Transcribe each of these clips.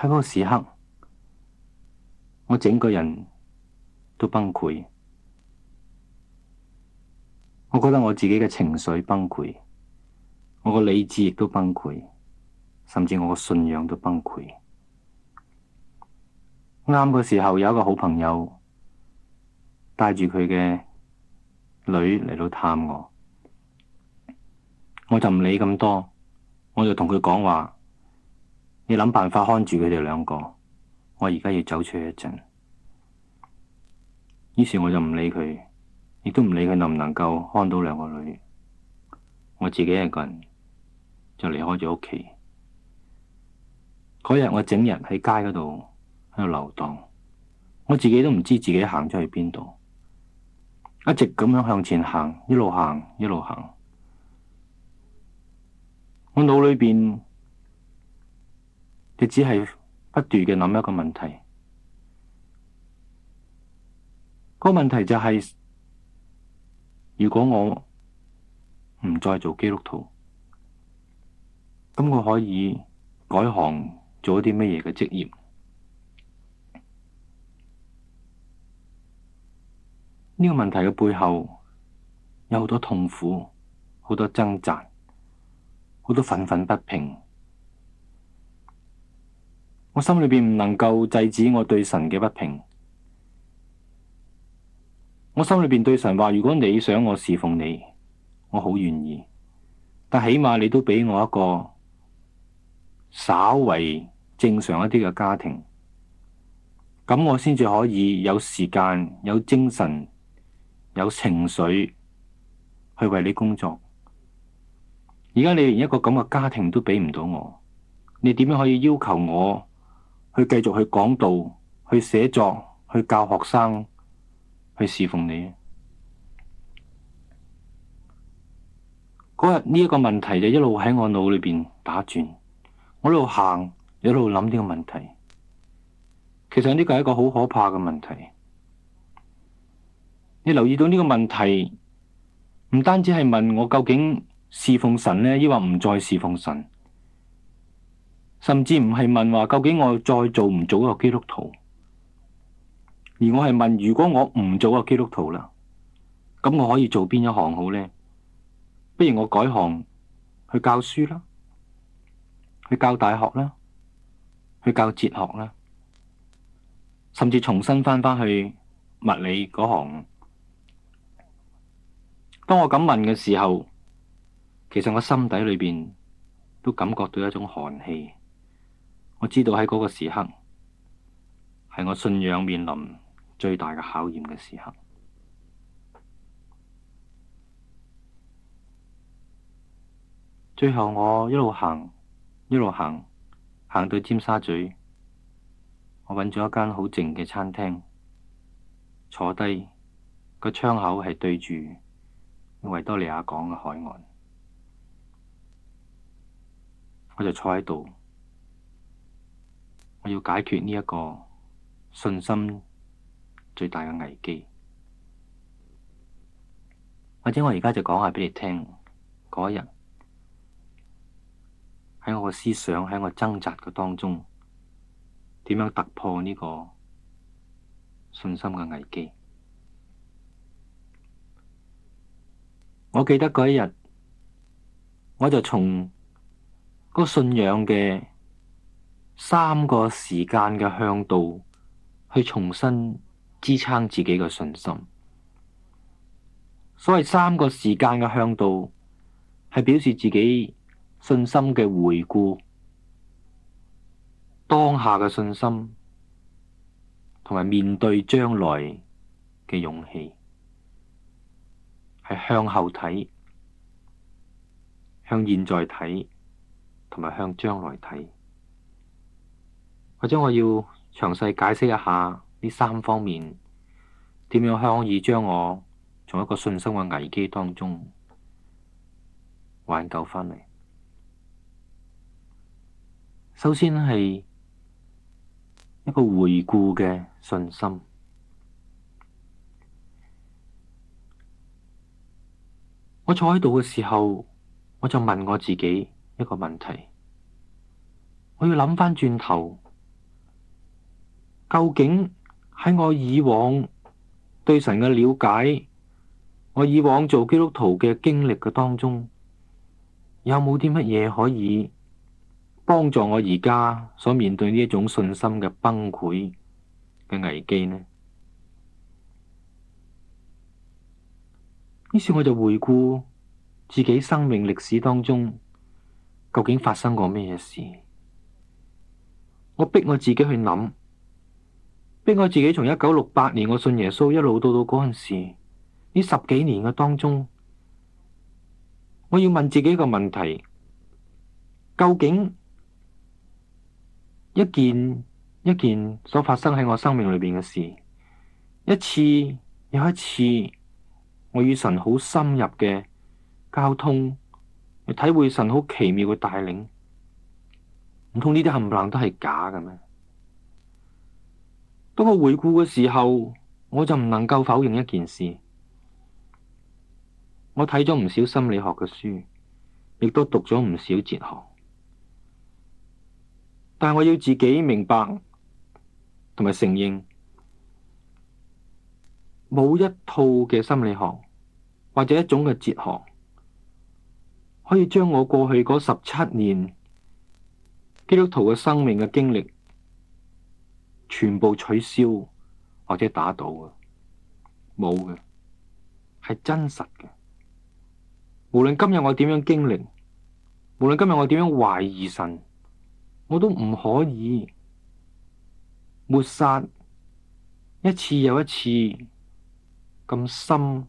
喺嗰個時刻，我整個人都崩潰，我覺得我自己嘅情緒崩潰，我個理智亦都崩潰，甚至我個信仰都崩潰。啱個時候有一個好朋友帶住佢嘅女嚟到探我，我就唔理咁多，我就同佢講話。你諗辦法看住佢哋兩個，我而家要走出去一陣。於是我就唔理佢，亦都唔理佢能唔能夠看到兩個女，我自己一個人就離開咗屋企。嗰日我整日喺街嗰度喺度流蕩，我自己都唔知自己行咗去邊度，一直咁樣向前行，一路行一路行，我腦裏邊。你只係不斷嘅諗一個問題，個問題就係、是、如果我唔再做基督徒，咁我可以改行做一啲乜嘢嘅職業？呢個問題嘅背後有好多痛苦，好多掙扎，好多憤憤不平。我心裏邊唔能夠制止我對神嘅不平，我心裏邊對神話：「如果你想我侍奉你，我好願意，但起碼你都俾我一個稍為正常一啲嘅家庭，咁我先至可以有時間、有精神、有情緒去為你工作。而家你連一個咁嘅家庭都俾唔到我，你點樣可以要求我？去繼續去講道，去寫作，去教學生，去侍奉你。嗰日呢一個問題就一路喺我腦裏邊打轉，我一路行，一路諗呢個問題。其實呢個係一個好可怕嘅問題。你留意到呢個問題，唔單止係問我究竟侍奉神呢，抑或唔再侍奉神。甚至唔係問話，究竟我再做唔做個基督徒？而我係問，如果我唔做個基督徒啦，咁我可以做邊一行好呢？不如我改行去教書啦，去教大學啦，去教哲學啦，甚至重新返返去物理嗰行。當我咁問嘅時候，其實我心底裏面都感覺到一種寒氣。我知道喺嗰個時刻係我信仰面臨最大嘅考驗嘅時刻。最後我一路行，一路行，行到尖沙咀，我揾咗一間好靜嘅餐廳坐低，個窗口係對住維多利亞港嘅海岸，我就坐喺度。我要解決呢一個信心最大嘅危機，或者我而家就講下俾你聽，嗰日喺我嘅思想喺我掙扎嘅當中，點樣突破呢個信心嘅危機？我記得嗰一日我就從個信仰嘅。三個時間嘅向度去重新支撐自己嘅信心。所謂三個時間嘅向度，係表示自己信心嘅回顧、當下嘅信心，同埋面對將來嘅勇氣，係向後睇、向現在睇，同埋向將來睇。或者我要詳細解釋一下呢三方面點樣可以將我從一個信心嘅危機當中挽救翻嚟。首先係一個回顧嘅信心。我坐喺度嘅時候，我就問我自己一個問題：我要諗翻轉頭。究竟喺我以往對神嘅了解，我以往做基督徒嘅經歷嘅當中，有冇啲乜嘢可以幫助我而家所面對呢一種信心嘅崩潰嘅危機呢？於是我就回顧自己生命歷史當中，究竟發生過咩事？我逼我自己去諗。逼我自己從一九六八年我信耶穌一路到到嗰陣時呢十幾年嘅當中，我要問自己一個問題：究竟一件一件所發生喺我生命裏邊嘅事，一次又一次，我與神好深入嘅交通，去體會神好奇妙嘅帶領，唔通呢啲冚唪唥都係假嘅咩？到我回顧嘅時候，我就唔能夠否認一件事。我睇咗唔少心理學嘅書，亦都讀咗唔少哲學，但我要自己明白同埋承認，冇一套嘅心理學或者一種嘅哲學，可以將我過去嗰十七年基督徒嘅生命嘅經歷。全部取消或者打倒嘅，冇嘅係真實嘅。無論今日我點樣經歷，無論今日我點樣懷疑神，我都唔可以抹殺一次又一次咁深，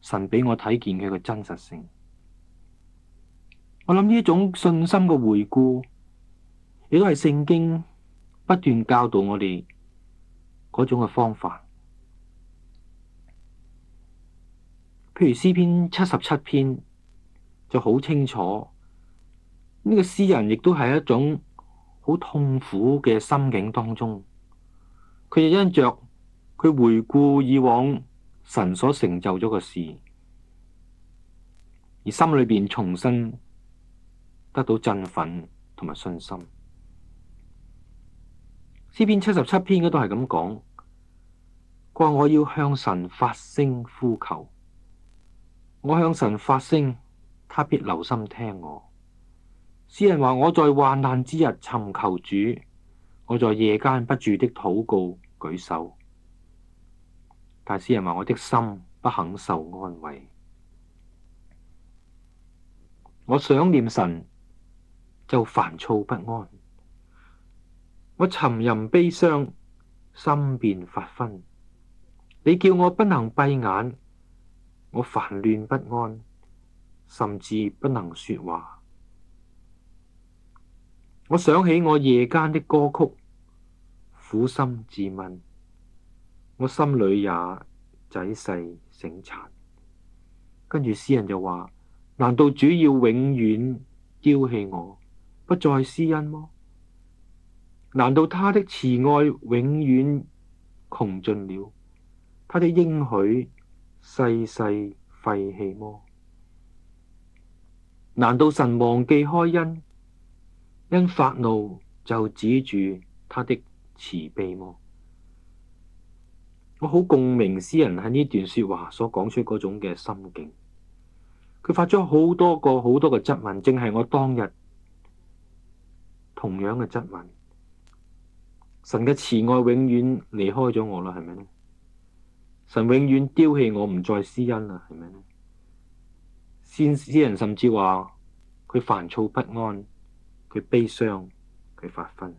神俾我睇見佢嘅真實性。我諗呢一種信心嘅回顧，亦都係聖經不斷教導我哋嗰種嘅方法，譬如詩篇七十七篇就好清楚，呢個詩人亦都係一種好痛苦嘅心境當中，佢因着佢回顧以往神所成就咗嘅事，而心裏邊重新得到振奮同埋信心。詩篇七十七篇嗰，都係咁講，佢話，我要向神發聲呼求，我向神發聲，他必留心聽我。詩人話，我在患難之日尋求主，我在夜間不住的禱告，舉手。但詩人話，我的心不肯受安慰，我想念神就煩躁不安。我沉吟悲傷，心便發昏。你叫我不能閉眼，我煩亂不安，甚至不能說話。我想起我夜間的歌曲，苦心自問，我心裏也仔細省察。跟住詩人就話：難道主要永遠丟棄我，不再施恩麼？難道他的慈愛永遠窮盡了？他的應許世世廢棄麼？難道神忘記開恩，因發怒就止住他的慈悲麼？我好共鳴詩人喺呢段說話所講出嗰種嘅心境。佢發咗好多個好多個質問，正係我當日同樣嘅質問。神嘅慈愛永遠離開咗我啦，係咪咧？神永遠丟棄我，唔再施恩啦，係咪咧？先詩人甚至話佢煩躁不安，佢悲傷，佢發昏。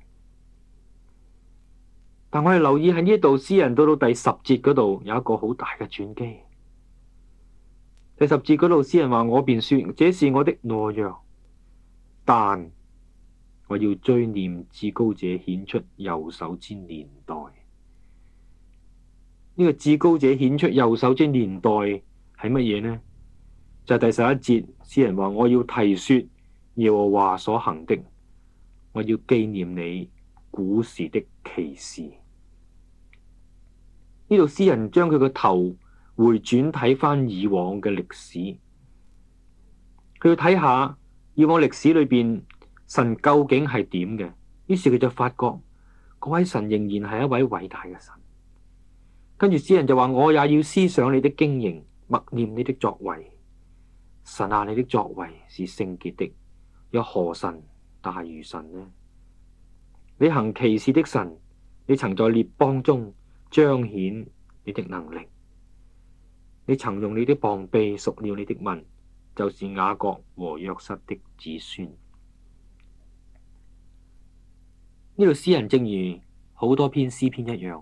但我哋留意喺呢度，詩人到到第十節嗰度有一個好大嘅轉機。第十節嗰度詩人話：我便說，這是我的懦弱，但。我要追念至高者顯出右手之年代，呢，這個至高者顯出右手之年代係乜嘢呢？就係、是、第十一節，詩人話我要提說耶和華所行的，我要紀念你古時的奇事。呢度詩人將佢個頭回轉睇翻以往嘅歷史，佢要睇下以往歷史裏邊。神究竟係點嘅？於是佢就發覺嗰位神仍然係一位偉大嘅神。跟住，詩人就話：我也要思想你的經營，默念你的作為。神啊，你的作為是聖潔的。有何神大如神呢？你行奇事的神，你曾在列邦中彰顯你的能力。你曾用你的膀臂贖了你的民，就是雅各和約瑟的子孫。呢個詩人正如好多篇詩篇一樣，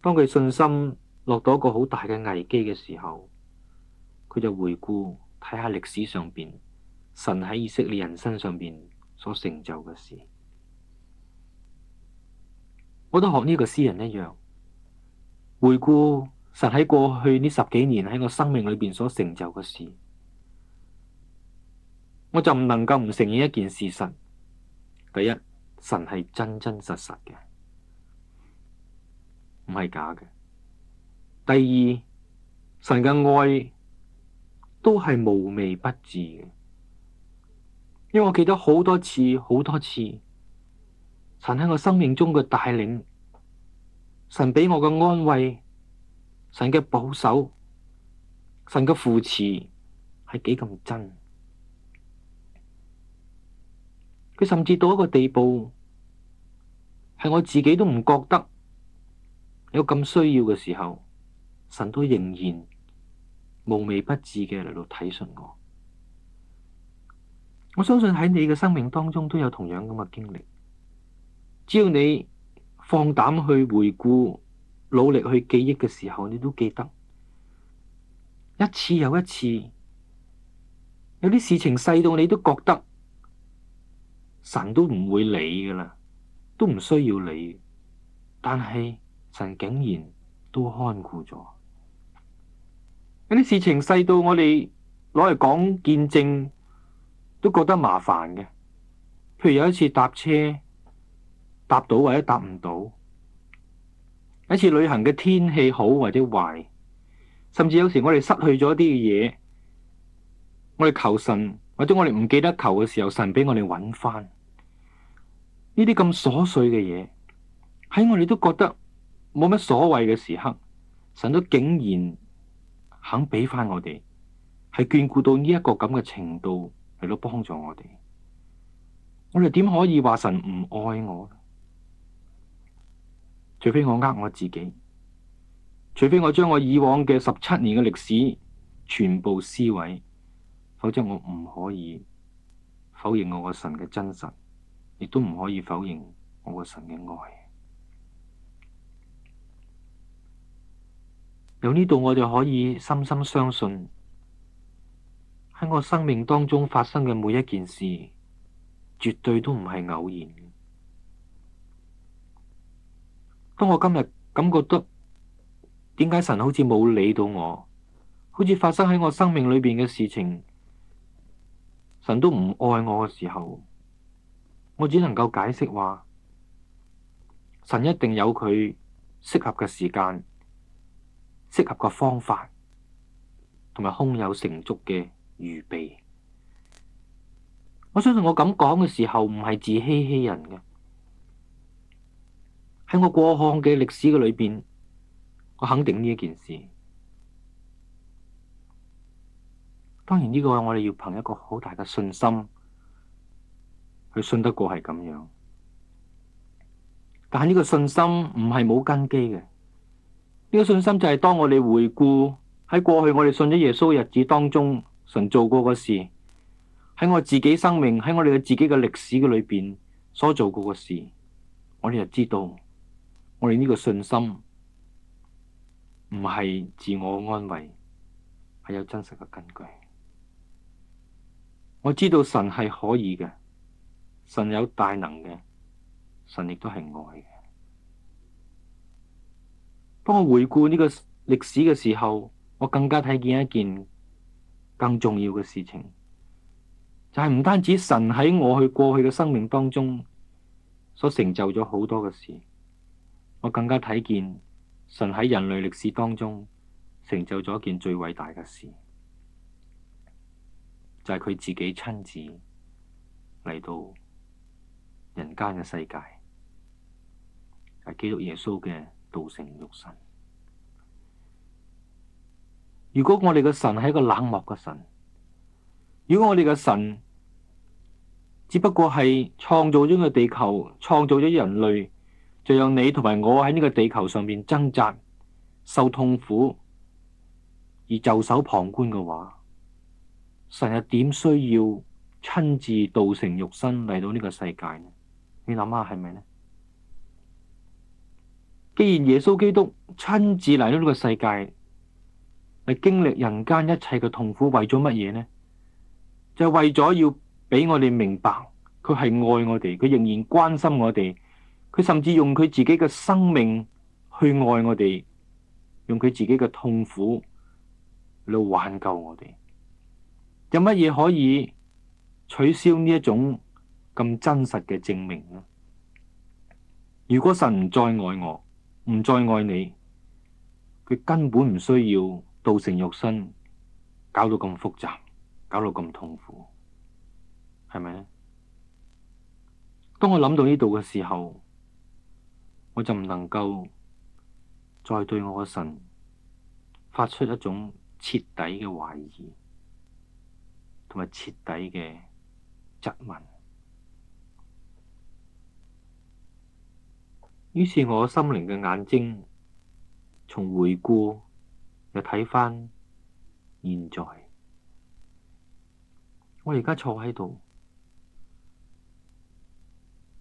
當佢信心落到一個好大嘅危機嘅時候，佢就回顧睇下歷史上邊神喺以色列人身上邊所成就嘅事。我都學呢個詩人一樣，回顧神喺過去呢十幾年喺我生命裏邊所成就嘅事，我就唔能夠唔承認一件事實。第一。神係真真實實嘅，唔係假嘅。第二，神嘅愛都係無微不至嘅。因為我記得好多次，好多次，神喺我生命中嘅帶領，神俾我嘅安慰，神嘅保守，神嘅扶持，係幾咁真。佢甚至到一個地步，係我自己都唔覺得有咁需要嘅時候，神都仍然無微不至嘅嚟到體恤我。我相信喺你嘅生命當中都有同樣咁嘅經歷。只要你放膽去回顧、努力去記憶嘅時候，你都記得一次又一次，有啲事情細到你都覺得。神都唔會理噶啦，都唔需要理。但係神竟然都看顧咗，有啲事情細到我哋攞嚟講見證都覺得麻煩嘅。譬如有一次搭車，搭到或者搭唔到；一次旅行嘅天氣好或者壞，甚至有時我哋失去咗啲嘅嘢，我哋求神。或者我哋唔記得求嘅時候，神俾我哋搵翻呢啲咁瑣碎嘅嘢，喺我哋都覺得冇乜所謂嘅時刻，神都竟然肯俾翻我哋，係眷顧到呢一個咁嘅程度嚟到幫助我哋，我哋點可以話神唔愛我呢？除非我呃我自己，除非我將我以往嘅十七年嘅歷史全部撕毀。否則我唔可以否認我個神嘅真實，亦都唔可以否認我個神嘅愛。由呢度我哋可以深深相信，喺我生命當中發生嘅每一件事，絕對都唔係偶然嘅。當我今日感覺到點解神好似冇理到我，好似發生喺我生命裏邊嘅事情。神都唔愛我嘅時候，我只能夠解釋話，神一定有佢適合嘅時間，適合嘅方法，同埋胸有成竹嘅預備。我相信我咁講嘅時候唔係自欺欺人嘅。喺我過往嘅歷史嘅裏邊，我肯定呢一件事。當然呢個我哋要憑一個好大嘅信心去信得過係咁樣，但係呢個信心唔係冇根基嘅。呢個信心就係當我哋回顧喺過去我哋信咗耶穌日子當中神做過個事，喺我自己生命喺我哋嘅自己嘅歷史嘅裏邊所做過個事，我哋就知道我哋呢個信心唔係自我安慰，係有真實嘅根據。我知道神係可以嘅，神有大能嘅，神亦都係愛嘅。當我回顧呢個歷史嘅時候，我更加睇見一件更重要嘅事情，就係唔單止神喺我去過去嘅生命當中所成就咗好多嘅事，我更加睇見神喺人類歷史當中成就咗一件最偉大嘅事。就係佢自己親自嚟到人間嘅世界，係基督耶穌嘅道成肉身。如果我哋嘅神係一個冷漠嘅神，如果我哋嘅神只不過係創造咗個地球，創造咗人類，就讓你同埋我喺呢個地球上邊掙扎、受痛苦而袖手旁觀嘅話，神又點需要親自道成肉身嚟到呢個世界呢？你諗下係咪呢？既然耶穌基督親自嚟到呢個世界，嚟經歷人間一切嘅痛苦，為咗乜嘢呢？就係為咗要俾我哋明白，佢係愛我哋，佢仍然關心我哋，佢甚至用佢自己嘅生命去愛我哋，用佢自己嘅痛苦嚟挽救我哋。有乜嘢可以取消呢一種咁真實嘅證明呢？如果神唔再愛我，唔再愛你，佢根本唔需要道成肉身，搞到咁複雜，搞到咁痛苦，係咪？當我諗到呢度嘅時候，我就唔能夠再對我嘅神發出一種徹底嘅懷疑。同埋徹底嘅質問，於是我心靈嘅眼睛從回顧又睇返現在，我而家坐喺度，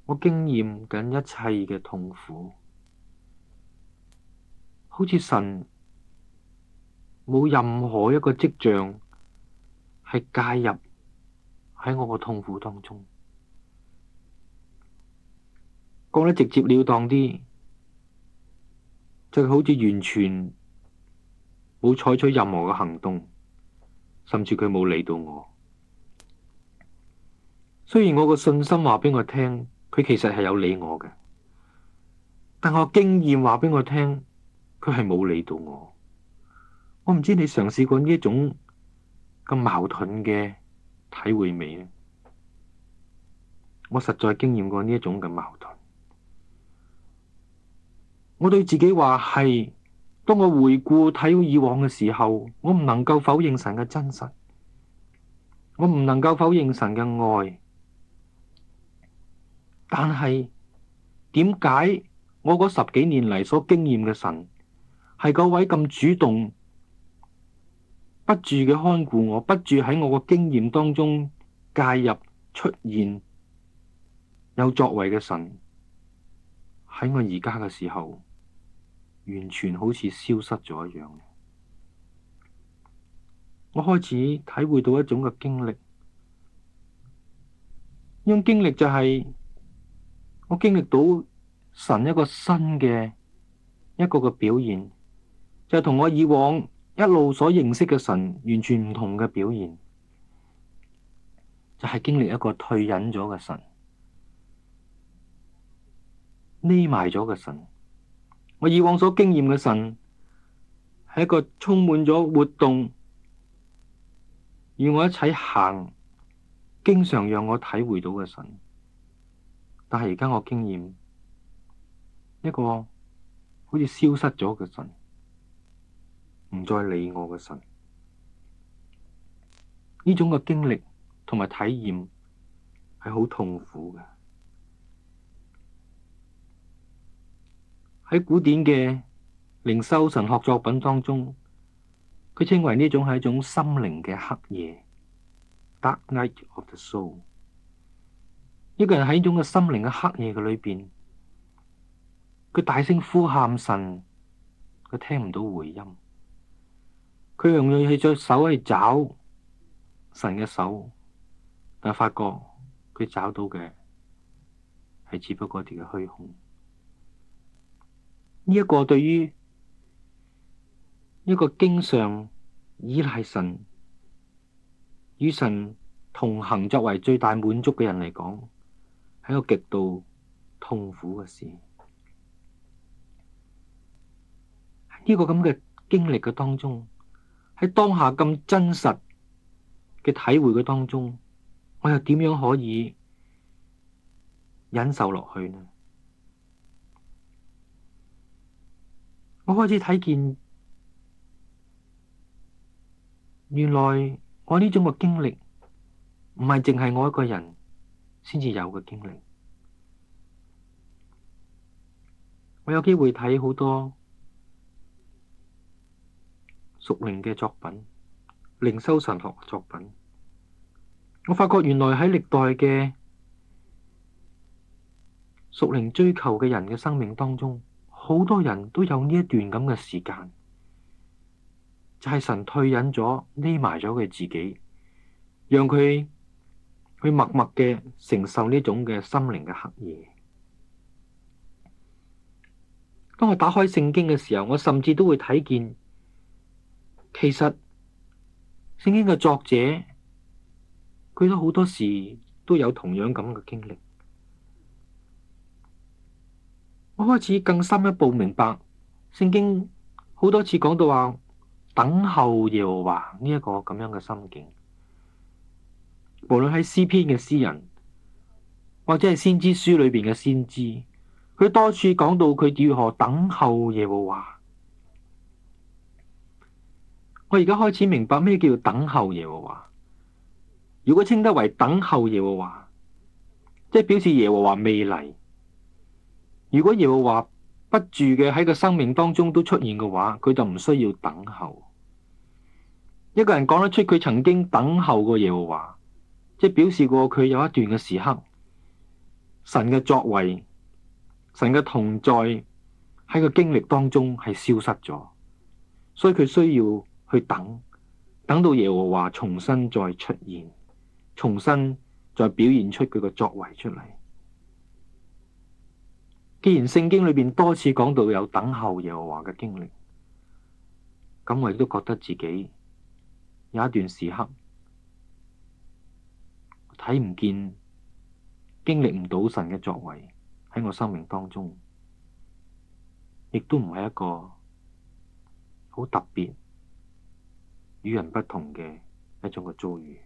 我經驗緊一切嘅痛苦，好似神冇任何一個跡象。係介入喺我個痛苦當中，講得直接了當啲，就係好似完全冇採取任何嘅行動，甚至佢冇理到我。雖然我個信心話俾我聽，佢其實係有理我嘅，但我經驗話俾我聽，佢係冇理到我。我唔知你嘗試過呢一種。咁矛盾嘅體會未呢？我實在經驗過呢一種嘅矛盾。我對自己話係，當我回顧睇以往嘅時候，我唔能夠否認神嘅真實，我唔能夠否認神嘅愛。但係點解我嗰十幾年嚟，所經驗嘅神係嗰位咁主動？不住嘅看顧我，不住喺我個經驗當中介入出現，有作為嘅神，喺我而家嘅時候，完全好似消失咗一樣。我開始體會到一種嘅經歷，呢種經歷就係我經歷到神一個新嘅一個嘅表現，就係同我以往。一路所認識嘅神，完全唔同嘅表現，就係、是、經歷一個退隱咗嘅神，匿埋咗嘅神。我以往所經驗嘅神，係一個充滿咗活動，與我一齊行，經常讓我體會到嘅神。但係而家我經驗一個好似消失咗嘅神。唔再理我嘅神，呢種嘅經歷同埋體驗係好痛苦嘅。喺古典嘅靈修神學作品當中，佢稱為呢種係一種心靈嘅黑夜 （dark night of the soul）。一個人喺呢種嘅心靈嘅黑夜嘅裏邊，佢大聲呼喊神，佢聽唔到回音。佢用佢隻手去找神嘅手，但係發覺佢找到嘅係只不過係一啲嘅虛空。呢一個對於一個經常依賴神與神同行作為最大滿足嘅人嚟講，係一個極度痛苦嘅事。喺呢個咁嘅經歷嘅當中。喺當下咁真實嘅體會嘅當中，我又點樣可以忍受落去呢？我開始睇見，原來我呢種嘅經歷唔係淨係我一個人先至有嘅經歷。我有機會睇好多。屬靈嘅作品、靈修神學作品，我發覺原來喺歷代嘅屬靈追求嘅人嘅生命當中，好多人都有呢一段咁嘅時間，就係神退隱咗，匿埋咗佢自己，讓佢去默默嘅承受呢種嘅心靈嘅黑夜。當我打開聖經嘅時候，我甚至都會睇見。其實聖經嘅作者，佢都好多時都有同樣咁嘅經歷。我開始更深一步明白，聖經好多次講到話等候耶和華呢一個咁樣嘅心境。無論係詩篇嘅詩人，或者係先知書裏邊嘅先知，佢多次講到佢如何等候耶和華。我而家開始明白咩叫等候耶和華。如果稱得為等候耶和華，即係表示耶和華未嚟。如果耶和華不住嘅喺個生命當中都出現嘅話，佢就唔需要等候。一個人講得出佢曾經等候過耶和華，即表示過佢有一段嘅時刻，神嘅作為、神嘅同在喺個經歷當中係消失咗，所以佢需要。去等，等到耶和華重新再出現，重新再表現出佢嘅作為出嚟。既然聖經裏邊多次講到有等候耶和華嘅經歷，咁我亦都覺得自己有一段時刻睇唔見，經歷唔到神嘅作為喺我生命當中，亦都唔係一個好特別。與人不同嘅一種嘅遭遇，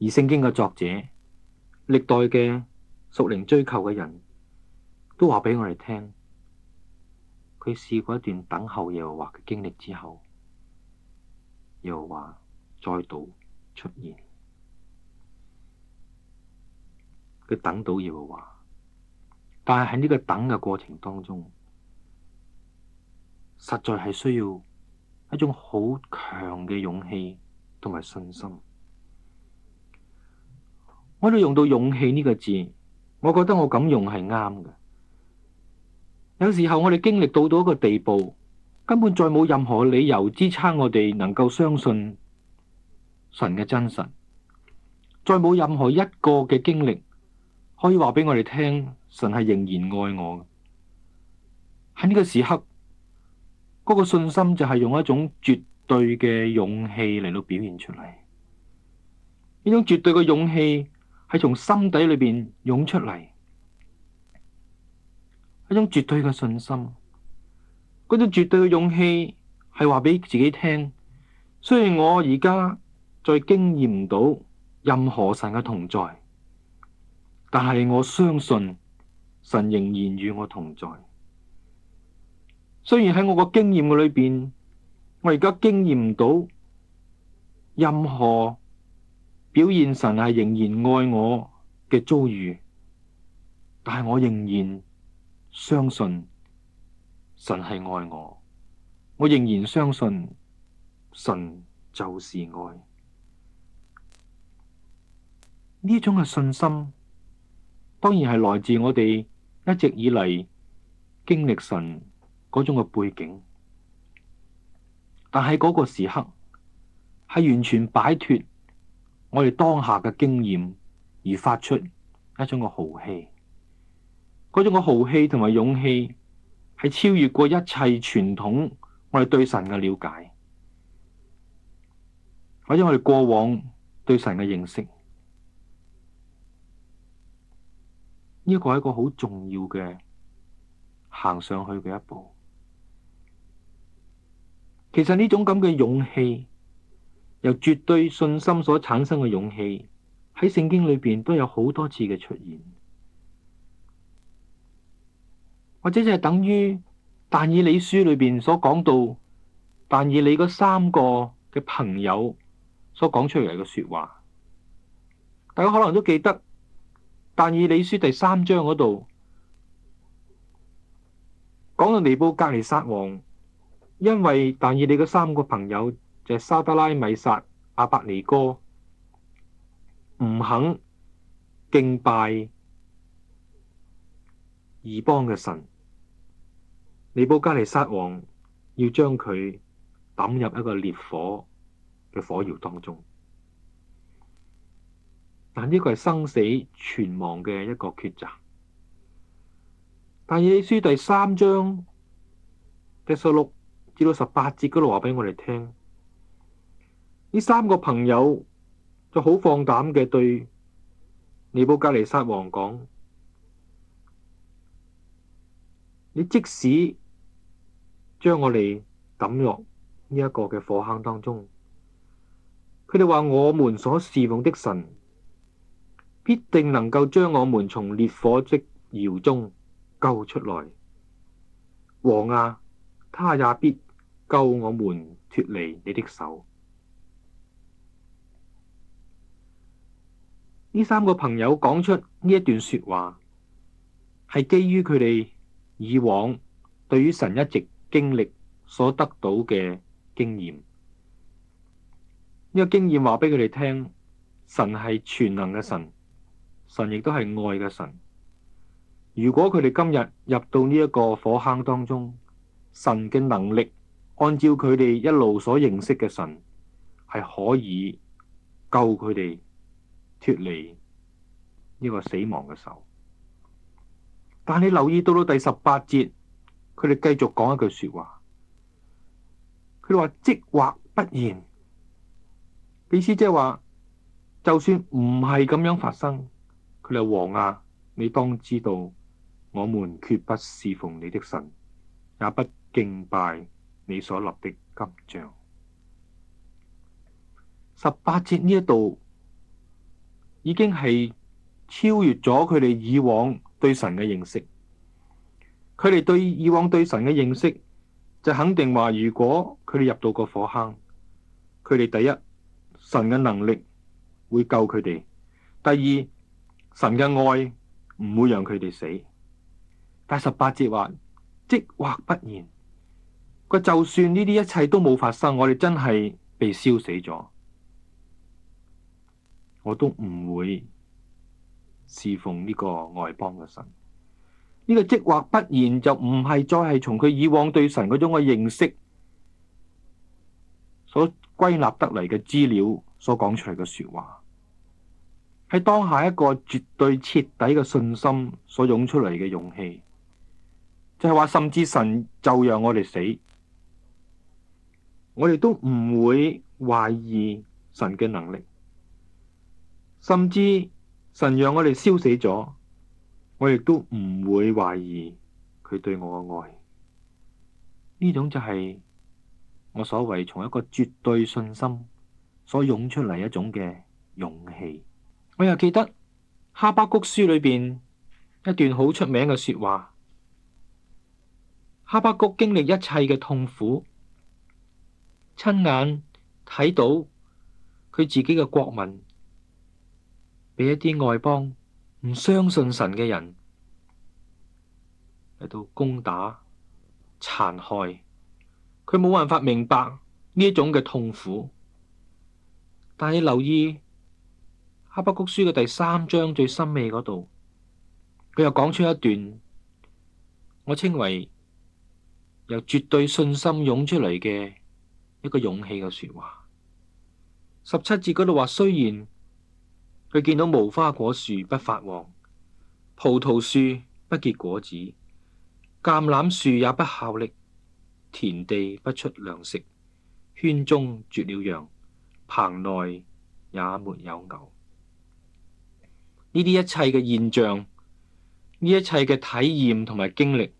而聖經嘅作者、歷代嘅屬靈追求嘅人都話俾我哋聽，佢試過一段等候耶和華嘅經歷之後，耶和華再度出現，佢等到耶和華，但係喺呢個等嘅過程當中，實在係需要。一種好強嘅勇氣同埋信心，我哋用到勇氣呢個字，我覺得我咁用係啱嘅。有時候我哋經歷到到一個地步，根本再冇任何理由支撐我哋能夠相信神嘅真實，再冇任何一個嘅經歷可以話俾我哋聽，神係仍然愛我嘅。喺呢個時刻。嗰個信心就係用一種絕對嘅勇氣嚟到表現出嚟，呢種絕對嘅勇氣係從心底裏邊湧出嚟，一種絕對嘅信心，嗰種絕對嘅勇氣係話俾自己聽，雖然我而家再經驗唔到任何神嘅同在，但係我相信神仍然與我同在。雖然喺我個經驗嘅裏邊，我而家經驗唔到任何表現神係仍然愛我嘅遭遇，但係我仍然相信神係愛我，我仍然相信神就是愛。呢一種嘅信心，當然係來自我哋一直以嚟經歷神。嗰種嘅背景，但喺嗰個時刻，係完全擺脫我哋當下嘅經驗，而發出一種嘅豪氣。嗰種嘅豪氣同埋勇氣，係超越過一切傳統我哋對神嘅了解，或者我哋過往對神嘅認識。呢一個係一個好重要嘅行上去嘅一步。其實呢種咁嘅勇氣，由絕對信心所產生嘅勇氣，喺聖經裏邊都有好多次嘅出現，或者就係等於但以理書裏邊所講到，但以理嗰三個嘅朋友所講出嚟嘅說話，大家可能都記得，但以理書第三章嗰度講到尼布甲尼撒王。因為但以理嘅三個朋友就係、是、沙德拉米撒阿伯尼哥唔肯敬拜異邦嘅神，尼布加利沙王要將佢抌入一個烈火嘅火窯當中。但呢個係生死存亡嘅一個抉擇。但以理書第三章第十六。至到十八節嗰度話俾我哋聽，呢三個朋友就好放膽嘅對尼布甲尼撒王講：你即使將我哋抌落呢一個嘅火坑當中，佢哋話我們所侍奉的神必定能夠將我們從烈火即窑中救出來。王啊，他也必，救我們脫離你的手。呢三個朋友講出呢一段說話，係基於佢哋以往對於神一直經歷所得到嘅經驗。呢個經驗話俾佢哋聽，神係全能嘅神，神亦都係愛嘅神。如果佢哋今日入到呢一個火坑當中，神嘅能力。按照佢哋一路所認識嘅神，係可以救佢哋脱離呢個死亡嘅手。但你留意到到第十八節，佢哋繼續講一句說話，佢哋話即或不然，意思即係話，就算唔係咁樣發生，佢哋王啊，你當知道，我們決不侍奉你的神，也不敬拜。你所立的金像，十八節呢一度已經係超越咗佢哋以往對神嘅認識。佢哋對以往對神嘅認識，就肯定話：如果佢哋入到個火坑，佢哋第一，神嘅能力會救佢哋；第二，神嘅愛唔會讓佢哋死。但十八節話：即或不然。佢就算呢啲一切都冇發生，我哋真係被燒死咗，我都唔會侍奉呢個外邦嘅神。呢、這個即或不然，就唔係再係從佢以往對神嗰種嘅認識所歸納得嚟嘅資料所講出嚟嘅說話，喺當下一個絕對徹底嘅信心所湧出嚟嘅勇氣，就係、是、話甚至神就讓我哋死。我哋都唔會懷疑神嘅能力，甚至神讓我哋燒死咗，我亦都唔會懷疑佢對我嘅愛。呢種就係我所謂從一個絕對信心所湧出嚟一種嘅勇氣。我又記得哈巴谷書裏邊一段好出名嘅說話，哈巴谷經歷一切嘅痛苦。親眼睇到佢自己嘅國民俾一啲外邦唔相信神嘅人嚟到攻打殘害，佢冇辦法明白呢一種嘅痛苦。但係留意哈巴谷書嘅第三章最深尾嗰度，佢又講出一段我稱為由絕對信心湧出嚟嘅。一個勇氣嘅說話，十七節嗰度話，雖然佢見到無花果樹不發旺，葡萄樹不結果子，橄欖樹也不效力，田地不出糧食，圈中絕了羊，棚內也沒有牛。呢啲一切嘅現象，呢一切嘅體驗同埋經歷，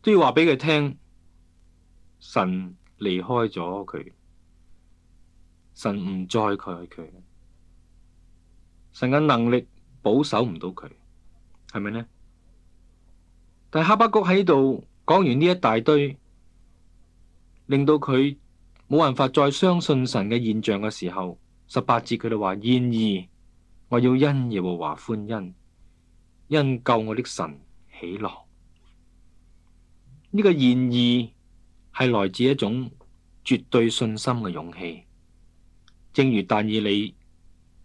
都要話俾佢聽，神。離開咗佢，神唔再佢佢，神嘅能力保守唔到佢，係咪呢？但係哈巴谷喺度講完呢一大堆，令到佢冇辦法再相信神嘅現象嘅時候，十八節佢哋話：然而我要因耶和華歡欣，因救我的神喜樂。呢、這個然而，係來自一種絕對信心嘅勇氣，正如但以理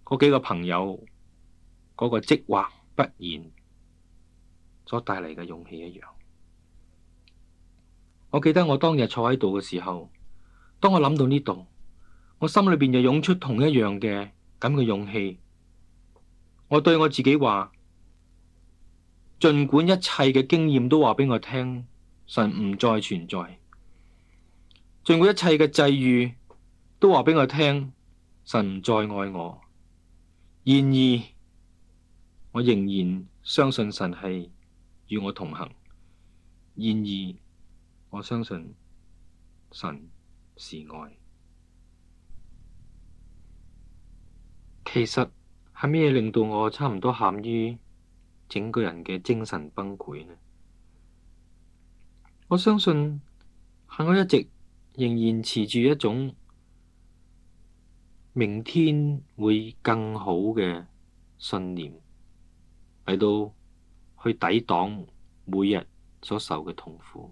嗰幾個朋友嗰、那個即或不言所帶嚟嘅勇氣一樣。我記得我當日坐喺度嘅時候，當我諗到呢度，我心裏邊就湧出同一樣嘅咁嘅勇氣。我對我自己話：盡管一切嘅經驗都話俾我聽，神唔再存在。儘管一切嘅際遇都話畀我聽，神唔再愛我，然而我仍然相信神係與我同行，然而我相信神是愛。其實係咩令到我差唔多陷於整個人嘅精神崩潰呢？我相信係我一直。仍然持住一種明天會更好嘅信念，喺度去抵擋每日所受嘅痛苦。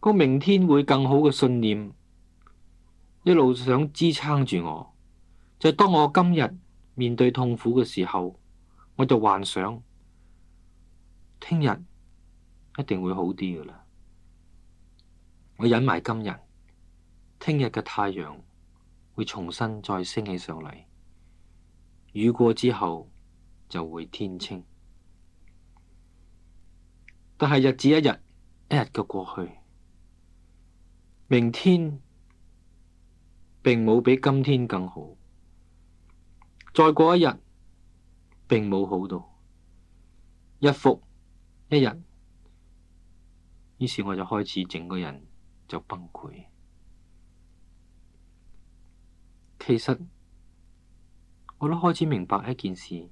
個明天會更好嘅信念一路想支撐住我，就當我今日面對痛苦嘅時候，我就幻想聽日一定會好啲嘅啦。我忍埋今日，聽日嘅太陽會重新再升起上嚟。雨過之後就會天晴，但係日子一日一日嘅過去，明天並冇比今天更好，再過一日並冇好到，一復一日，於是我就開始整個人。就崩潰。其實我都開始明白一件事，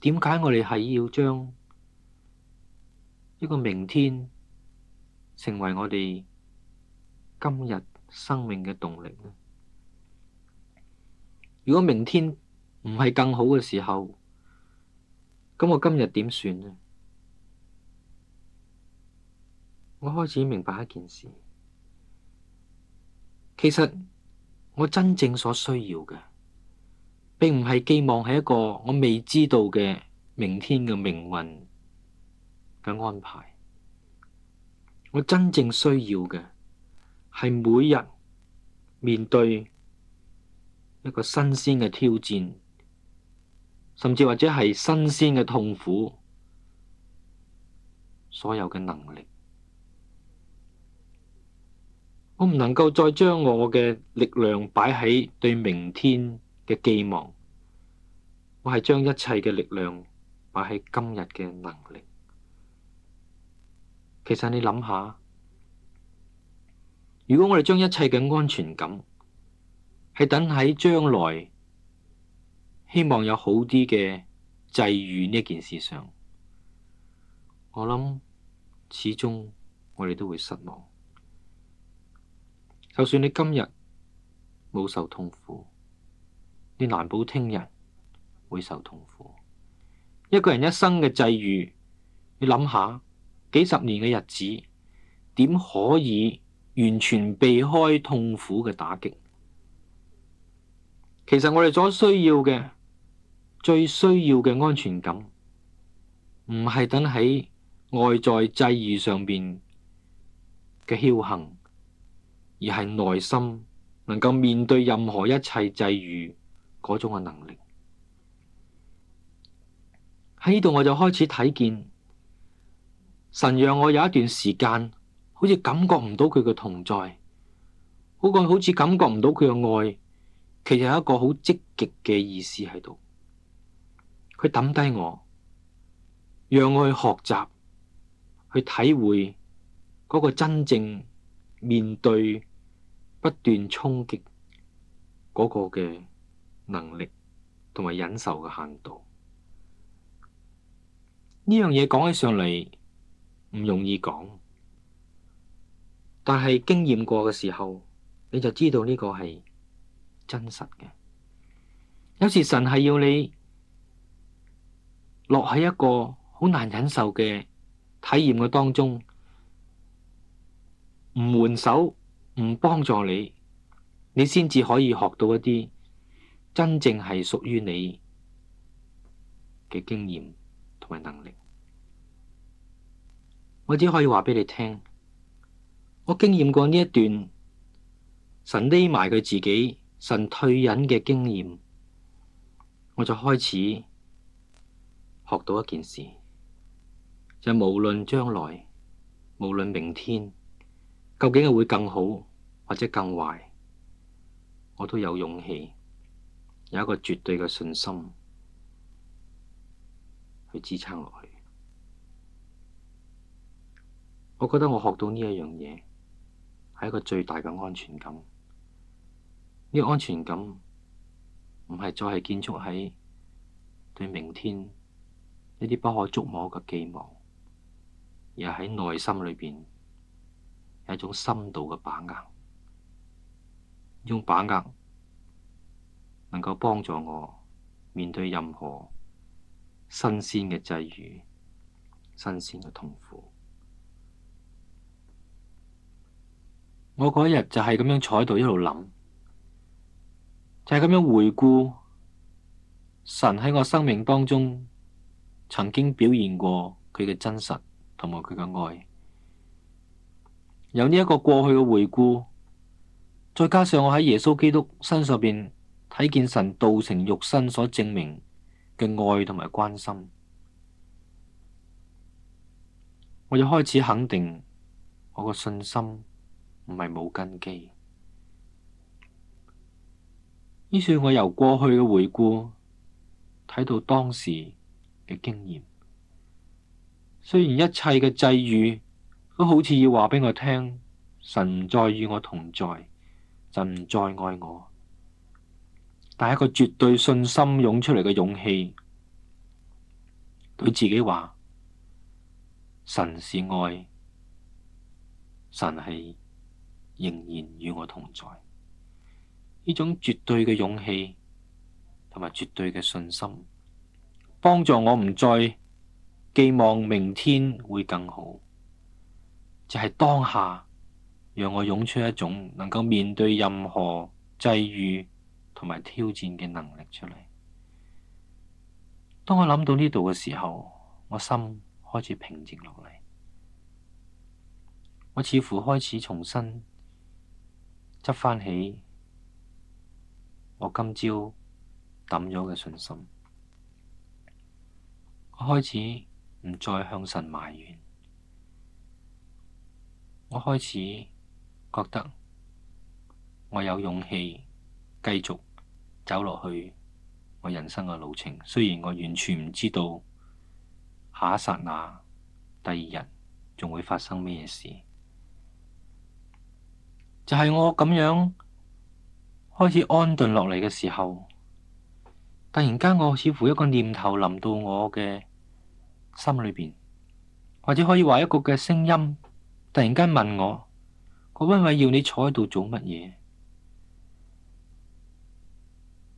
點解我哋係要將一個明天成為我哋今日生命嘅動力呢？如果明天唔係更好嘅時候，咁我今日點算呢？我開始明白一件事，其實我真正所需要嘅，並唔係寄望喺一個我未知道嘅明天嘅命運嘅安排。我真正需要嘅係每日面對一個新鮮嘅挑戰，甚至或者係新鮮嘅痛苦，所有嘅能力。我唔能夠再將我嘅力量擺喺對明天嘅寄望，我係將一切嘅力量擺喺今日嘅能力。其實你諗下，如果我哋將一切嘅安全感係等喺將來，希望有好啲嘅際遇呢件事上，我諗始終我哋都會失望。就算你今日冇受痛苦，你難保聽日會受痛苦。一個人一生嘅際遇，你諗下幾十年嘅日子，點可以完全避開痛苦嘅打擊？其實我哋所需要嘅、最需要嘅安全感，唔係等喺外在際遇上面嘅僥倖。而係內心能夠面對任何一切際遇嗰種嘅能力，喺呢度我就開始睇見神讓我有一段時間，好似感覺唔到佢嘅同在，好個好似感覺唔到佢嘅愛，其實有一個好積極嘅意思喺度，佢抌低我，讓我去學習，去體會嗰個真正面對。不斷衝擊嗰個嘅能力同埋忍受嘅限度，呢樣嘢講起上嚟唔容易講，但係經驗過嘅時候，你就知道呢個係真實嘅。有時神係要你落喺一個好難忍受嘅體驗嘅當中，唔還手。唔幫助你，你先至可以學到一啲真正係屬於你嘅經驗同埋能力。我只可以話俾你聽，我經驗過呢一段神匿埋佢自己、神退隱嘅經驗，我就開始學到一件事，就無論將來，無論明天。究竟係會更好或者更壞，我都有勇氣，有一個絕對嘅信心去支撐落去。我覺得我學到呢一樣嘢，係一個最大嘅安全感。呢個安全感唔係再係建築喺對明天一啲不可捉摸嘅寄望，而係喺內心裏邊一種深度嘅把握，呢種把握能夠幫助我面對任何新鮮嘅際遇、新鮮嘅痛苦。我嗰日就係咁樣坐喺度一路諗，就係咁樣回顧神喺我生命當中曾經表現過佢嘅真實同埋佢嘅愛。由呢一個過去嘅回顧，再加上我喺耶穌基督身上邊睇見神道成肉身所證明嘅愛同埋關心，我就開始肯定我個信心唔係冇根基。呢算我由過去嘅回顧睇到當時嘅經驗，雖然一切嘅際遇。都好似要話俾我聽，神唔再與我同在，神唔再愛我。但係一個絕對信心湧出嚟嘅勇氣，佢自己話：神是愛，神係仍然與我同在。呢種絕對嘅勇氣同埋絕對嘅信心，幫助我唔再寄望明天會更好。就係當下，讓我湧出一種能夠面對任何際遇同埋挑戰嘅能力出嚟。當我諗到呢度嘅時候，我心開始平靜落嚟，我似乎開始重新執翻起我今朝抌咗嘅信心，我開始唔再向神埋怨。我開始覺得我有勇氣繼續走落去我人生嘅路程，雖然我完全唔知道下一剎那，第二日仲會發生咩事。就係、是、我咁樣開始安頓落嚟嘅時候，突然間我似乎一個念頭臨到我嘅心裏邊，或者可以話一個嘅聲音。突然間問我，個溫偉耀你坐喺度做乜嘢？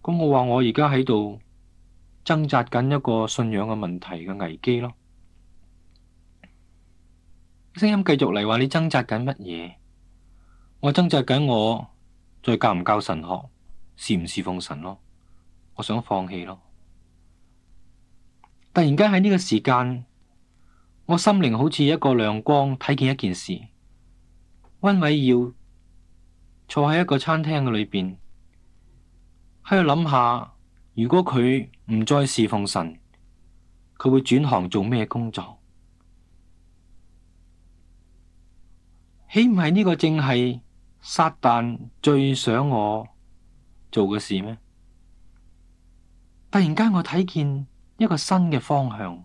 咁我話我而家喺度掙扎緊一個信仰嘅問題嘅危機咯。聲音繼續嚟，話你掙扎緊乜嘢？我掙扎緊我再教唔教神學，侍唔侍奉神咯？我想放棄咯。突然間喺呢個時間。我心靈好似一個亮光，睇見一件事。溫偉耀坐喺一個餐廳嘅裏面，喺度諗下，如果佢唔再侍奉神，佢會轉行做咩工作？豈唔係呢個正係撒旦最想我做嘅事咩？突然間，我睇見一個新嘅方向。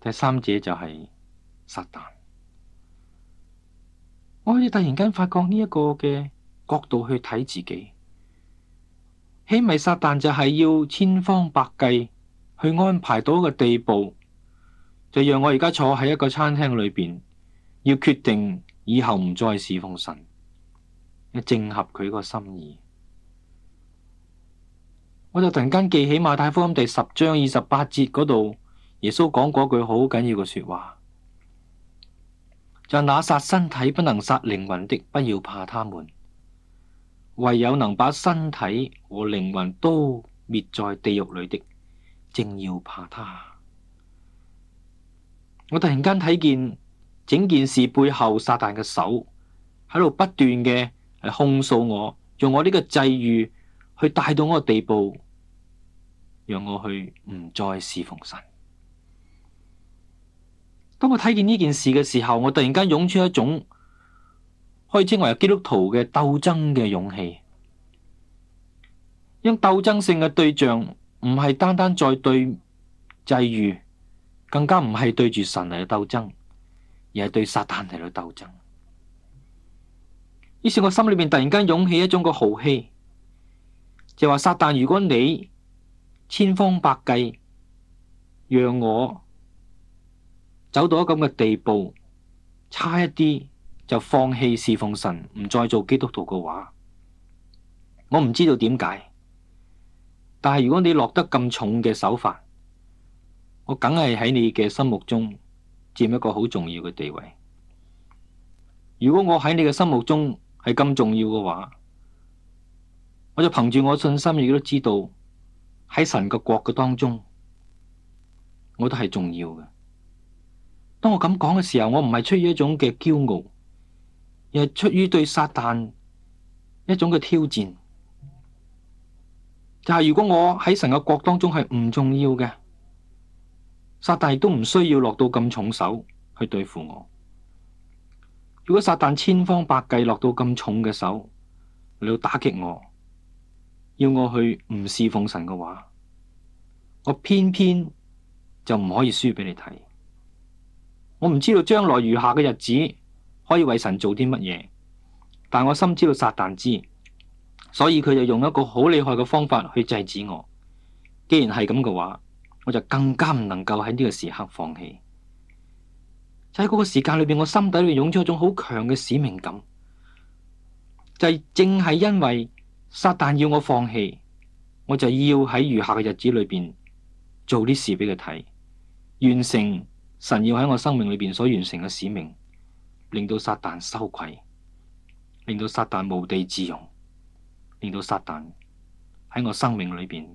第三者就係撒旦，我好似突然間發覺呢一個嘅角度去睇自己，希米撒旦就係要千方百計去安排到一個地步，就讓我而家坐喺一個餐廳裏邊，要決定以後唔再侍奉神，正合佢個心意。我就突然間記起馬太福音第十章二十八節嗰度。耶穌講嗰句好緊要嘅說話：就那是殺身體不能殺靈魂的，不要怕他們；唯有能把身體和靈魂都滅在地獄裏的，正要怕他。我突然間睇見整件事背後撒旦嘅手喺度不斷嘅控訴我，用我呢個際遇去帶到我個地步，讓我去唔再侍奉神。當我睇見呢件事嘅時候，我突然間湧出一種可以稱為基督徒嘅鬥爭嘅勇氣。因鬥爭性嘅對象唔係單單在對際遇，更加唔係對住神嚟嘅鬥爭，而係對撒旦嚟嘅鬥爭。於是我心裏面突然間湧起一種個豪氣，就話撒旦，如果你千方百計讓我，走到咁嘅地步，差一啲就放棄侍奉神，唔再做基督徒嘅話，我唔知道點解。但係如果你落得咁重嘅手法，我梗係喺你嘅心目中佔一個好重要嘅地位。如果我喺你嘅心目中係咁重要嘅話，我就憑住我信心亦都知道喺神嘅國嘅當中，我都係重要嘅。當我咁講嘅時候，我唔係出於一種嘅驕傲，而係出於對撒旦一種嘅挑戰。就係、是、如果我喺神嘅國當中係唔重要嘅，撒旦亦都唔需要落到咁重手去對付我。如果撒旦千方百計落到咁重嘅手嚟到打擊我，要我去唔侍奉神嘅話，我偏偏就唔可以輸俾你睇。我唔知道將來餘下嘅日子可以為神做啲乜嘢，但我深知道撒旦知，所以佢就用一個好厲害嘅方法去制止我。既然係咁嘅話，我就更加唔能夠喺呢個時刻放棄。就喺嗰個時間裏邊，我心底裏湧出一種好強嘅使命感。就係正係因為撒旦要我放棄，我就要喺餘下嘅日子裏邊做啲事俾佢睇，完成。神要喺我生命裏邊所完成嘅使命，令到撒旦羞愧，令到撒旦無地自容，令到撒旦喺我生命裏邊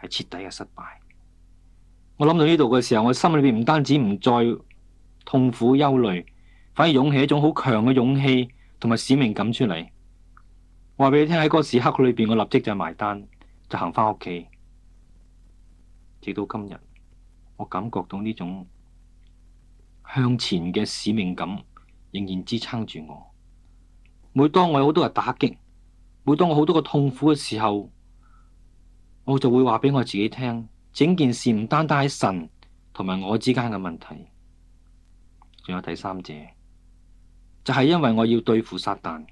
係徹底嘅失敗。我諗到呢度嘅時候，我心裏邊唔單止唔再痛苦憂慮，反而湧起一種好強嘅勇氣同埋使命感出嚟。我話俾你聽，喺嗰個時刻裏邊，我立即就埋單，就行翻屋企，直到今日，我感覺到呢種。向前嘅使命感仍然支撐住我。每當我有好多嘅打擊，每當我好多個痛苦嘅時候，我就會話俾我自己聽：整件事唔單單係神同埋我之間嘅問題。仲有第三者，就係因為我要對付撒旦，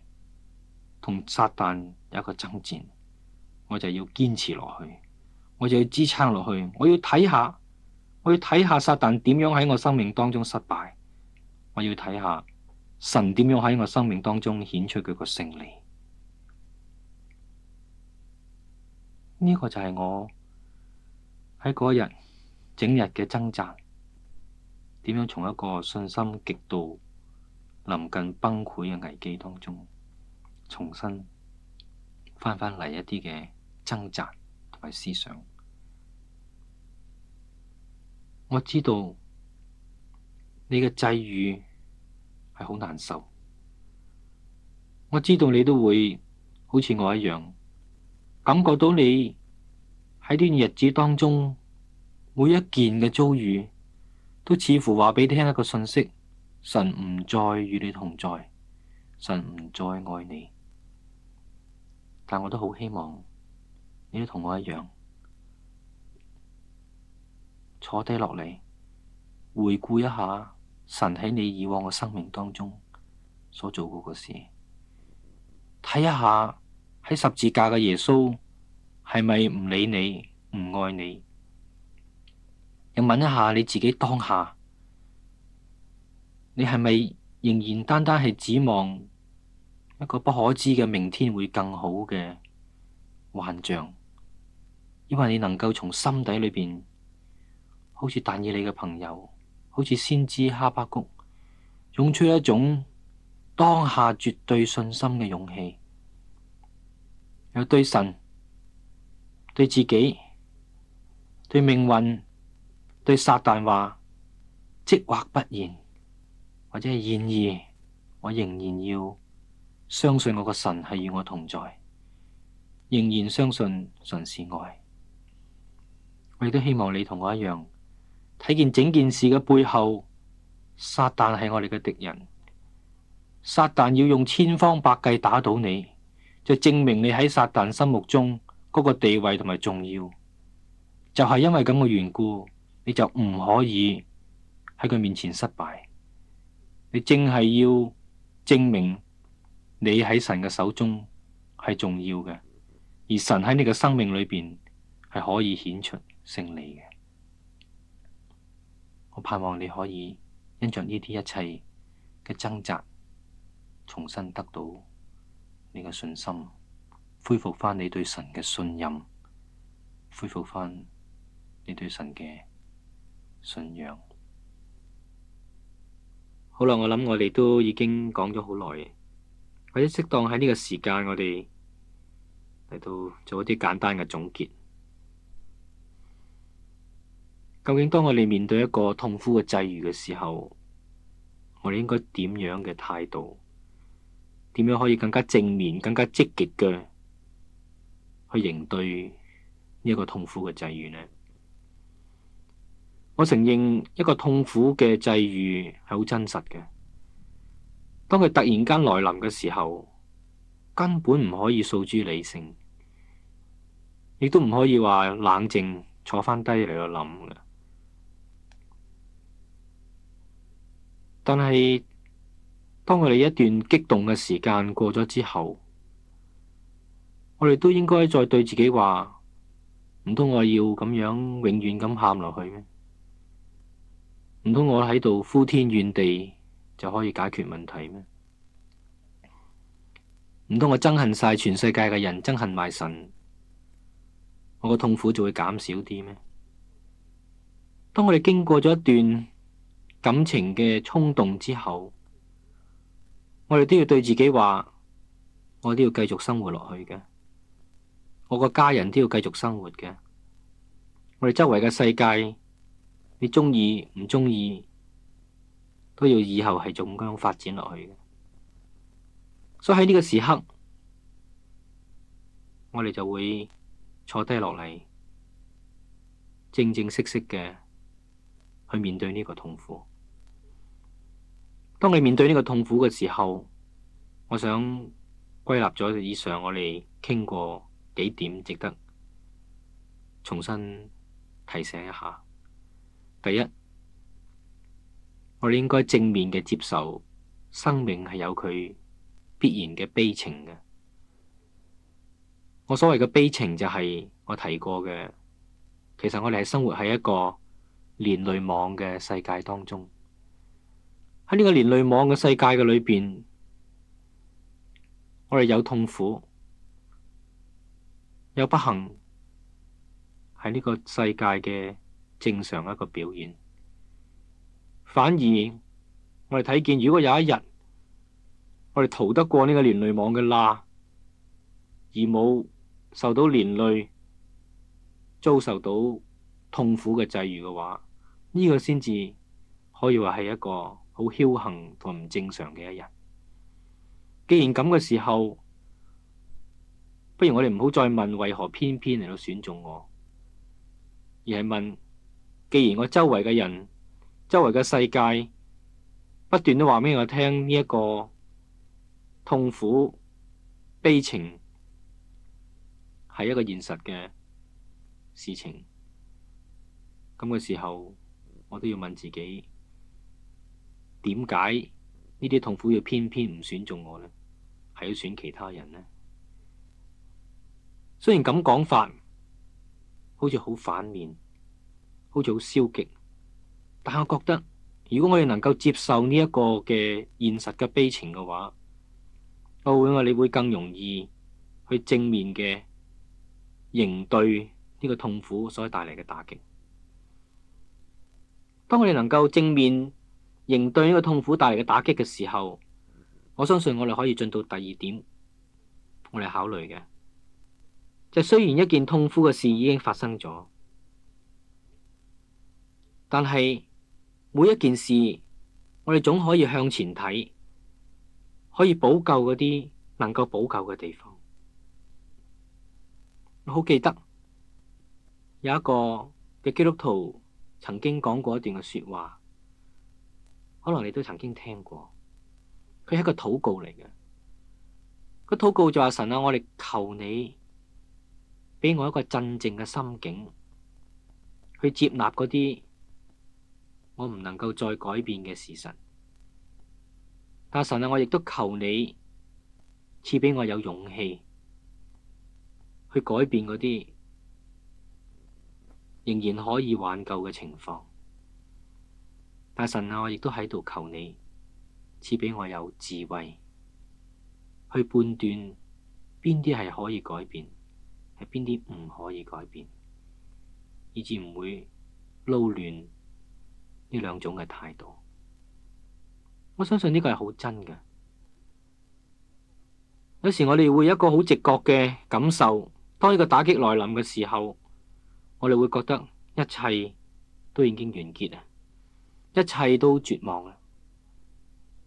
同撒旦有一個爭戰，我就要堅持落去，我就要支撐落去，我要睇下。我要睇下撒旦點樣喺我生命當中失敗，我要睇下神點樣喺我生命當中顯出佢個勝利。呢個就係我喺嗰日整日嘅掙扎，點樣從一個信心極度臨近崩潰嘅危機當中，重新翻返嚟一啲嘅掙扎同埋思想。我知道你嘅際遇係好難受，我知道你都會好似我一樣感覺到你喺呢段日子當中每一件嘅遭遇都似乎話畀你聽一個信息：神唔再與你同在，神唔再愛你。但我都好希望你都同我一樣。坐低落嚟，回顧一下神喺你以往嘅生命當中所做過嘅事，睇一下喺十字架嘅耶穌係咪唔理你、唔愛你，又問一下你自己當下，你係咪仍然單單係指望一個不可知嘅明天會更好嘅幻象，因為你能夠從心底裏邊，好似但以理嘅朋友，好似先知哈巴谷，湧出一種當下絕對信心嘅勇氣，有對神、對自己、對命運、對撒旦話，即或不然，或者係然而，我仍然要相信我個神係與我同在，仍然相信神是愛。我亦都希望你同我一樣。睇見整件事嘅背後，撒旦係我哋嘅敵人。撒旦要用千方百計打倒你，就證明你喺撒旦心目中嗰個地位同埋重要。就係、是、因為咁嘅緣故，你就唔可以喺佢面前失敗。你淨係要證明你喺神嘅手中係重要嘅，而神喺你嘅生命裏邊係可以顯出勝利嘅。我盼望你可以因着呢啲一切嘅掙扎，重新得到你嘅信心，恢復翻你對神嘅信任，恢復翻你對神嘅信仰。好啦，我諗我哋都已經講咗好耐，或者適當喺呢個時間，我哋嚟到做一啲簡單嘅總結。究竟當我哋面對一個痛苦嘅際遇嘅時候，我哋應該點樣嘅態度？點樣可以更加正面、更加積極嘅去應對呢一個痛苦嘅際遇呢？我承認一個痛苦嘅際遇係好真實嘅。當佢突然間來臨嘅時候，根本唔可以訴諸理性，亦都唔可以話冷靜坐翻低嚟度諗嘅。但係，當我哋一段激動嘅時間過咗之後，我哋都應該再對自己話：唔通我要咁樣永遠咁喊落去咩？唔通我喺度呼天怨地就可以解決問題咩？唔通我憎恨晒全世界嘅人，憎恨埋神，我個痛苦就會減少啲咩？當我哋經過咗一段，感情嘅衝動之後，我哋都要對自己話：我都要繼續生活落去嘅，我個家人都要繼續生活嘅，我哋周圍嘅世界，你鍾意唔鍾意，都要以後係咁樣發展落去嘅。所以喺呢個時刻，我哋就會坐低落嚟，正正式式嘅去面對呢個痛苦。當你面對呢個痛苦嘅時候，我想歸納咗以上我哋傾過幾點，值得重新提醒一下。第一，我哋應該正面嘅接受，生命係有佢必然嘅悲情嘅。我所謂嘅悲情就係我提過嘅，其實我哋係生活喺一個連累網嘅世界當中。喺呢個連累網嘅世界嘅裏邊，我哋有痛苦、有不幸，係呢個世界嘅正常一個表現。反而我哋睇見，如果有一日我哋逃得過呢個連累網嘅那，而冇受到連累、遭受到痛苦嘅際遇嘅話，呢、這個先至可以話係一個。好僥倖同唔正常嘅一日。既然咁嘅時候，不如我哋唔好再問為何偏偏嚟到選中我，而係問，既然我周圍嘅人、周圍嘅世界不斷都話俾我聽呢一個痛苦、悲情係一個現實嘅事情，咁嘅時候，我都要問自己。點解呢啲痛苦要偏偏唔選中我呢？係要選其他人呢？雖然咁講法，好似好反面，好似好消極，但我覺得，如果我哋能夠接受呢一個嘅現實嘅悲情嘅話，我會話你會更容易去正面嘅應對呢個痛苦所帶嚟嘅打擊。當我哋能夠正面。仍對呢個痛苦帶嚟嘅打擊嘅時候，我相信我哋可以進到第二點，我哋考慮嘅，就係雖然一件痛苦嘅事已經發生咗，但係每一件事，我哋總可以向前睇，可以補救嗰啲能夠補救嘅地方。好記得有一個嘅基督徒曾經講過一段嘅說話。可能你都曾經聽過，佢係一個禱告嚟嘅。個禱告就話神啊，我哋求你畀我一個鎮靜嘅心境去接納嗰啲我唔能夠再改變嘅事實。但神啊，我亦都求你賜俾我有勇氣去改變嗰啲仍然可以挽救嘅情況。阿神啊，我亦都喺度求你賜俾我有智慧去判斷邊啲係可以改變，係邊啲唔可以改變，以致唔會撈亂呢兩種嘅態度。我相信呢個係好真嘅。有時我哋會有一個好直覺嘅感受，當呢個打擊來臨嘅時候，我哋會覺得一切都已經完結啊！一切都絕望啊！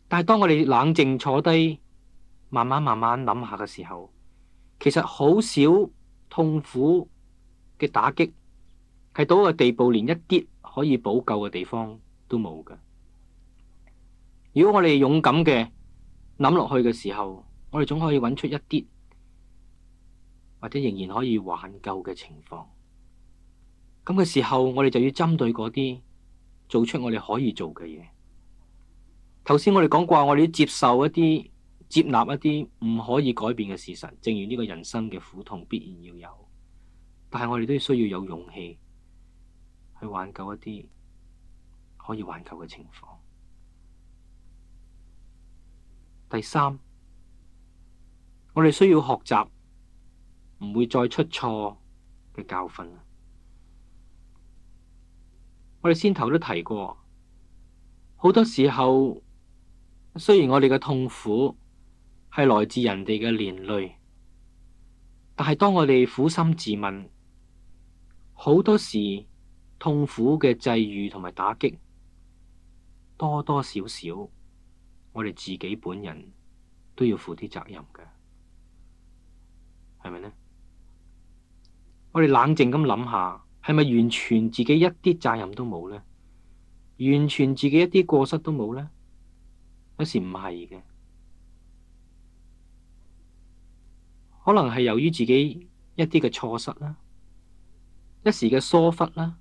但係當我哋冷靜坐低，慢慢慢慢諗下嘅時候，其實好少痛苦嘅打擊係到個地步，連一啲可以補救嘅地方都冇嘅。如果我哋勇敢嘅諗落去嘅時候，我哋總可以揾出一啲或者仍然可以挽救嘅情況。咁嘅時候，我哋就要針對嗰啲。做出我哋可以做嘅嘢。頭先我哋講過，我哋接受一啲，接納一啲唔可以改變嘅事實，正如呢個人生嘅苦痛必然要有，但係我哋都需要有勇氣去挽救一啲可以挽救嘅情況。第三，我哋需要學習唔會再出錯嘅教訓。我哋先頭都提過，好多時候雖然我哋嘅痛苦係來自人哋嘅連累，但係當我哋苦心自問，好多時痛苦嘅際遇同埋打擊，多多少少我哋自己本人都要負啲責任嘅，係咪呢？我哋冷靜咁諗下。係咪完全自己一啲責任都冇呢？完全自己一啲過失都冇呢？有時唔係嘅，可能係由於自己一啲嘅錯失啦，一時嘅疏忽啦，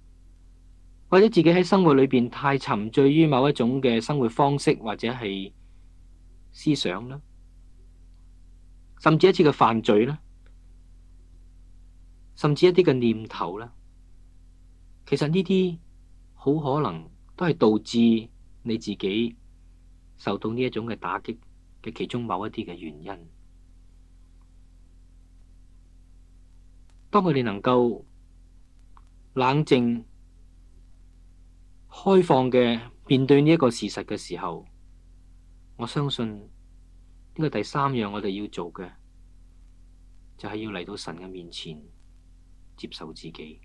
或者自己喺生活裏邊太沉醉於某一種嘅生活方式，或者係思想啦，甚至一次嘅犯罪啦，甚至一啲嘅念頭啦。其實呢啲好可能都係導致你自己受到呢一種嘅打擊嘅其中某一啲嘅原因。當我哋能夠冷靜、開放嘅面對呢一個事實嘅時候，我相信呢個第三樣我哋要做嘅就係要嚟到神嘅面前接受自己。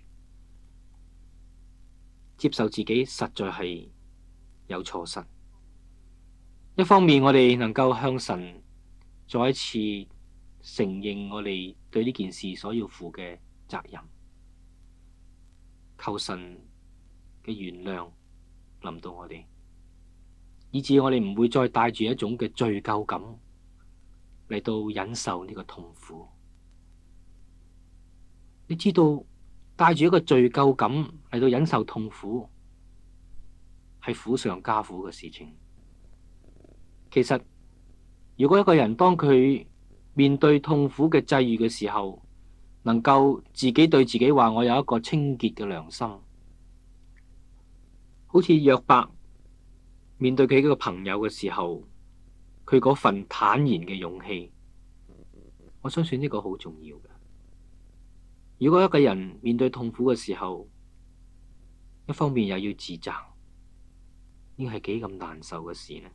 接受自己實在係有錯失，一方面我哋能夠向神再一次承認我哋對呢件事所要負嘅責任，求神嘅原諒臨到我哋，以致我哋唔會再帶住一種嘅罪疚感嚟到忍受呢個痛苦。你知道？帶住一個罪疚感嚟到忍受痛苦，係苦上加苦嘅事情。其實，如果一個人當佢面對痛苦嘅際遇嘅時候，能夠自己對自己話：我有一個清潔嘅良心，好似約伯面對佢嗰個朋友嘅時候，佢嗰份坦然嘅勇氣，我相信呢個好重要嘅。如果一個人面對痛苦嘅時候，一方面又要自責，呢係幾咁難受嘅事呢？